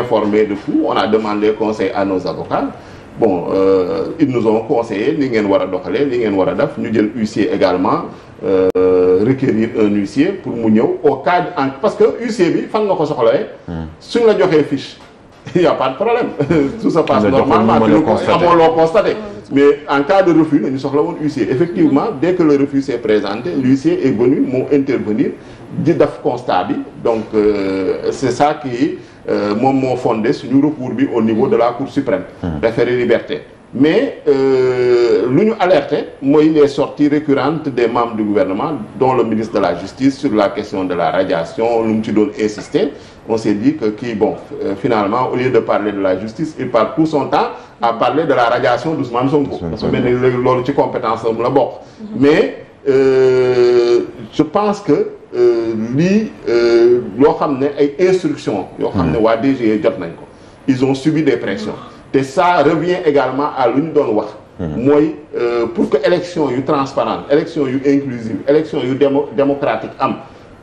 informés de tout on a demandé conseil à nos avocats bon euh, ils nous ont conseillé li ngeen war a doxalee li ngeen war a def ñu jël huissier également euh, requérir un huissier pour mu ñëw au cas en parce que huissier bi fan nga ko soxlawee. Hmm. suñ la joxee fiche. il y a pas de problème tout se passe normalement tu amoo loo mais en cas de refus dañu soxla woon huissier effectivement mm-hmm. dès que le refus s'est présenté l'huissier est venu moo intervenir di def constat bi donc euh, c'est ça qui Euh, moom moo fondé suñu recours bi au niveau de la cour suprême hmm. référé liberté mais euh, lu ñu alerté mooy les sorties récurrentes des membres du gouvernement dont le ministre de la justice sur la question de la radiation lu mu ci doon insister on s'est dit que kii bon euh, finalement au lieu de parler de la justice il parle tout son temps à parler de la radiation d'Ousmane Sonko dafa mel ni léegi loolu ci compétence am la bokk mhm. mais je pense que Euh, lii euh, loo xam ne ay instructions. yoo xam ne hmm. waa DGE jot nañ ko. ils ont subi des pressions. te ça revient également à lu ñu doon wax. Hmm. mooy euh, pour que élection yu transparente élection yu inclusive élection yu démo démocratique am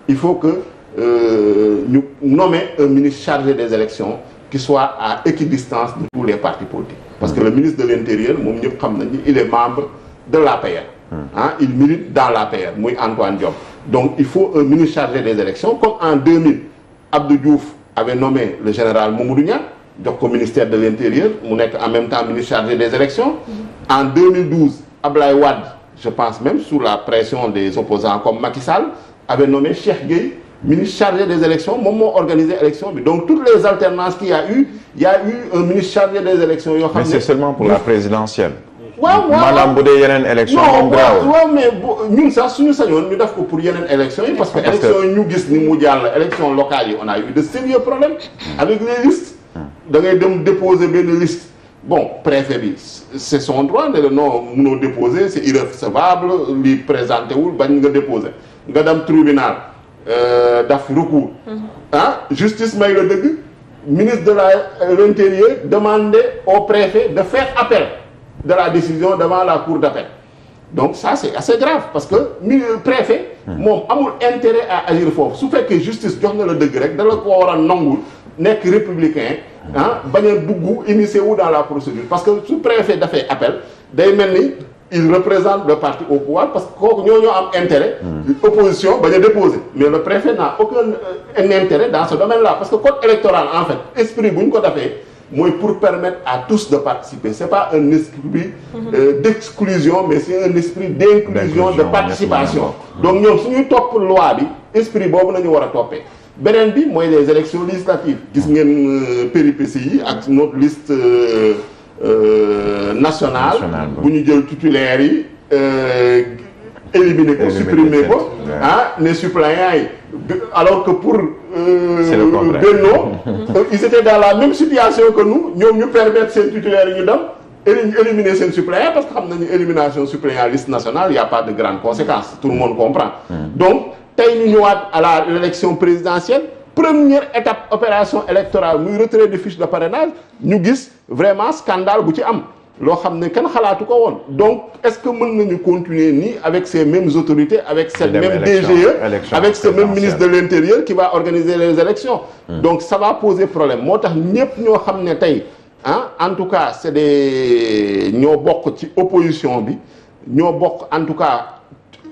il faut que ñu euh, nommer un ministre chargé des élections qui soit à équidistance de tous les partis politiques parce que hmm. le ministre de l'intérieur moom ñëpp xam nañu il est membre de l'APR ah il milite dans l'APR muy Antoine Diome Donc il faut un ministre chargé des élections, comme en 2000, Abdou Diouf avait nommé le général Mamoudou Niang, donc au ministère de l'Intérieur, mu nekk en même temps ministre chargé des élections. En 2012, Ablaye Wade, je pense même sur la pression des opposants comme Macky Sall, avait nommé Cheikh Gueye ministre chargé des élections moom moo organisé élection bi donc toutes les alternances qu'il y a eu il y a eu un ministre chargé des élections yoo xam ne mais c'est seulement pour la présidentielle waaw maanaam bu dee yeneen élection moom grave waaw mais ñun sax suñu sañoon ñu def ko pour yeneen élection yi parce que élection ñu gis ni mu jàll élection locale yi on a eu de sérieux problèmes hmm. avec les listes hmm. da ngay dem déposer benn liste bon préfet bi c'est son droit ne la non mënoo déposer c'est irrecevable li présenté wul bañ nga déposer nga dem tribunal euh, daf recours hmm. ah justice may la dëgg ministre de la euh, l'intérieur demandé au préfet de faire appel de la décision devant la cour d'appel donc ça c'est assez grave parce que milieu préfet hmm. moom amul intérêt à agir foofu su fekkee justice jox na la dëgg rek da la ko war a nangul nekk républicain hmm. ah bañ a dugg immiscé wu dans la procédure parce que su préfet dafay appel day mel ni il représente le parti au pouvoir parce que kooku ñoo ñoo am intérêt hmm. opposition bañ déposé mais le préfet n'a aucun euh, intérêt dans ce domaine là parce que code électoral en fait esprit bu ñu ko defee mooy pour permettre à tous de participer c'est pas un esprit mhm. euh, d'exclusion mais c'est un esprit d'inclusion de participation donc ñoom suñuy topp loi bi esprit boobu nañu war a toppee beneen bi mooy les élections législatives gis ngeen euh, péripéties yi ak notre liste euh, euh, nationale bu ñu jël titulaires yi éliminer ko supprimer ko ne ah, suppléants yi alors que pour euh, Benno euh, ils étaient dans la même situation que nous ñoom ñu permettre seen titulaire yi ñu dem éliminer seen suppléant parce que xam nañu élimination suppléant liste nationale y a pas de grandes conséquences tout le monde comprend hmm. donc tey ñu ñëwaat à la l'élection présidentielle première étape opération électorale muy retrait de fiche de parrainage ñu gis vraiment scandale bu ci am loo xam ne kenn xalaatu ko woon donc est-ce que mën ñu continuer nii avec ces mêmes autorités avec cette même DGE avec ce même ministre de l'intérieur ki va organiser les élections hmm. donc ça va poser problème moo tax ñëpp ñoo xam ne tey ah en tout cas c'est des ñoo bokk ci opposition bi ñoo bokk en tout cas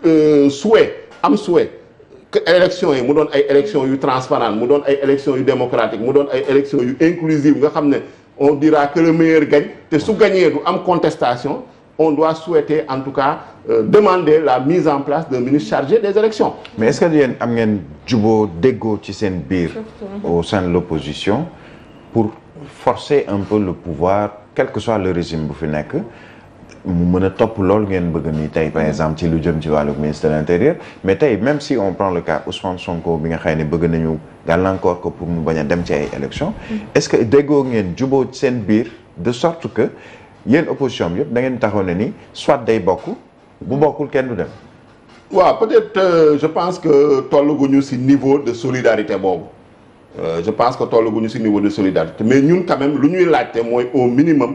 euh, souhait am souhait que élection yi mu doon ay élection yu transparente mu doon ay élection yu démocratique mu doon ay élection yu inclusive nga xam ne on dira que le meilleur gagne te su gagnee du am contestation on doit souhaiter en tout cas euh, demander la mise en place d'un ministre chargé des élections mais est-ce que yéen am ngeen juboo déggoo ci seen biir au sein de l'opposition pour forcer un peu le pouvoir quel que soit le régime bu fi nekk mu mën a topp loolu ngeen bëgg nii tey par exemple ci lu jëm ci wàllu ministre de l'intérieur mais tey même si on prend le cas Ousmane Sonko bi nga xëy ne bëgg nañu gàllankoor ko pour mu bañ a dem ci ay élections mm-hmm. est-ce que déggoo ngeen juboo seen biir de sorte que yéen opposition bi yëpp da ngeen taxaw ne ni soit day bokk bu bokkul kenn du dem. waaw peut-être euh, je pense que tollaguñu ci niveau de solidarité boobu. Euh, je pense que tollaguñu ci niveau solidarité mais ñun quand lu ñuy laajte mooy au minimum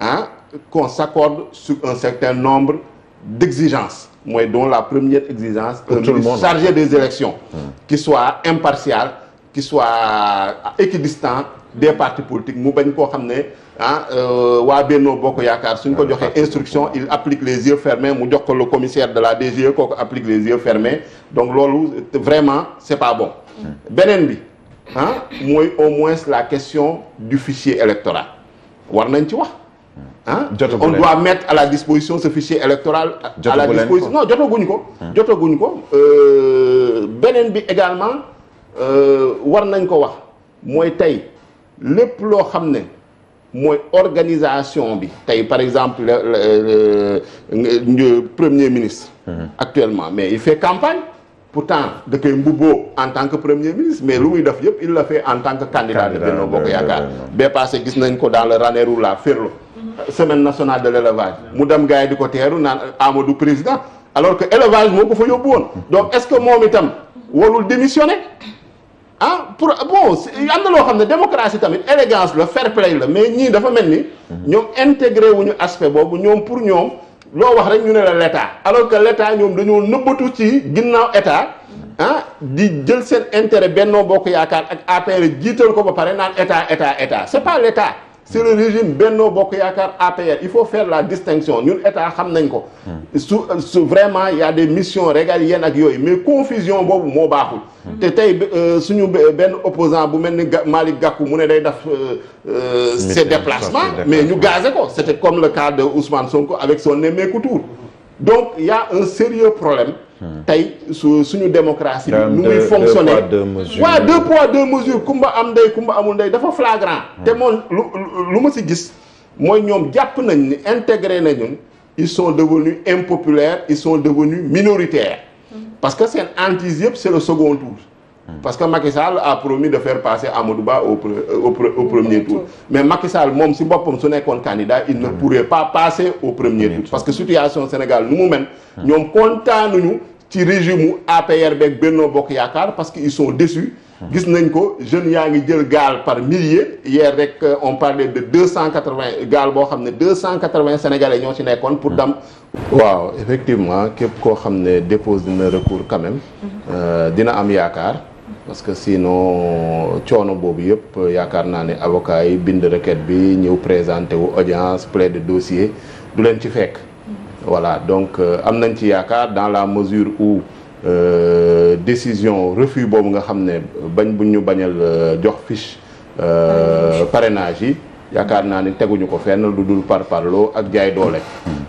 ah. qu'on s'accorde sur un certain nombre d'exigences mooy dont la première exigence un ministre chargé des élections hmm. qui soit impartial qui soit euh, équidistant des partis politiques mu bañ koo xam ne ah euh, waa Benno Bokk Yaakaar suñ ko joxee instruction il applique les yeux fermés mu jox ko le commissaire de la DGE kooku applique les yeux fermés donc loolu vraiment c'est pas bon hmm. beneen bi ah mooy au moins la question du fichier électoral war nañ ci wax ah on doit mettre à la disposition ce fichier électoral à la disposition non jotaguñ ko jotaguñ ko euh, beneen bi également euh, war nañ ko wax mooy tey lépp loo xam ne mooy organisation bi tey par exemple le, le premier ministre actuellement mais il fait campagne pourtant da koy mbubboo en tant que premier ministre mais lu muy def yëpp il l'a fait en tant que candidat de Benno Bokk Yaakaar ba passé gis nañ ko dans le Ranérou la Ferlo semaine nationale de l' mu dem gars yi di ko teeru naan Amadou président alors que élevage moo ko fa yóbbu woon donc est ce que moom itam warul démissionner ah pour bon am na loo xam ne démocratie tamit élégance la fair play la mais ñii dafa mel ni ñoom intégré wu ñu aspect boobu ñoom pour ñoom loo wax rek ñu ne la l' alors que l' état ñoom dañoo nëbbatu ci ginnaaw état ah di jël seen intérêt Benno Bokk Yaakaar ak APR jiital ko ba pare naan état état état c' est pas c'est le régime Benno Bokk Yaakaar APR il faut faire la distinction ñun état xam nañ ko. Hmm. su su vraiment y a des missions régaliennes ak yooyu mais confusion boobu moo baaxul. Hmm. te tey euh, suñu benn opposant bu mel ni ga Malick Gakou mu ne day def. Euh, euh, ses déplacements mais ñu gazé ko c'était comme le cas de Ousmane Sonko avec son Némékou Tour donc y a un sérieux problème. tey su suñu démocratie bi nu muy fonctionner waaw deux poids deux mesures kumba am ndey kumba amul ndey dafa flagrant hmm. te moom lu lu ma si gis mooy ñoom jàpp nañ ni intégré nañu ils sont devenus impopulaires ils sont devenus minoritaires hmm. parce que seen hantise yëpp c'est le second tour Mm. parce que Macky Sall a promis de faire passer Amadou Ba au euh, premier tour. mais Macky moom si boppam su nekkoon candidat il ne mm. pourrait pas passer au premier tour. parce que situation Sénégal nu mu mel. Mm. ñoom kontaanuñu ci régime mu APR beeg Benno Bokk Yaakaar parce que ils sont déçus. gis nañ ko jeunes yaa ngi jël gaal par milliers hier rek euh, on parlait de cent quatre vingt gaal boo xam ne deux cent quatre vingt ñoo ci nekkoon pour dem. waaw effectivement képp koo xam ne dépose dina recours quand mm-hmm. euh, dina am yaakaar. parce que sinon coono boobu yëpp yaakaar naa ne avocat yi bind requête bi ñëw présenté wu audience plaide dossier du leen ci fekk. voilà donc euh, am nañ ci yaakaar dans la mesure où euh, décision refus boobu nga xam ne bañ bu ñu bañal euh, jox fiche euh, ah parrainage yi. yaakaar naa ni teguñu ko fenn lu dul par parloo ak jaay doole.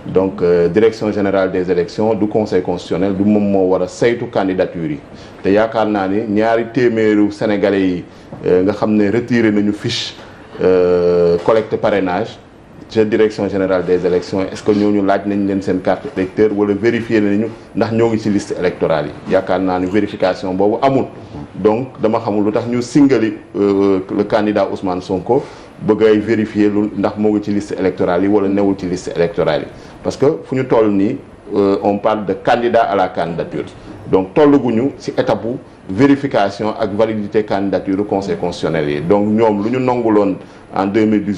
donc euh, direction générale des élections du conseil constitutionnel du moom moo war a saytu candidature yi te yaakaar naa ni ñaari téeméeru sénégalais yi euh, nga xam ne retiré nañu fiche euh, collecte parrainage. ca direction générale des élections est-ce que ñooñu laaj nañ leen seen carte électeur wala vérifier nañu ndax ñoo ngi ci liste électoral yi yaakaar naa ni vérification boobu amul donc dama xamul lu tax ñu singali le candidat Ousmane Sonko bëgg ay vérifier lu ndax moo ngi ci liste électorale yi wala newul ci liste électorale yi parce que fu ñu toll nii euh, on parle de candidat à la candidature donc tolluguñu ci étape vérification ak validité candidature conseil constitutionnel yi donc ñoom lu ñu nanguloon en 2018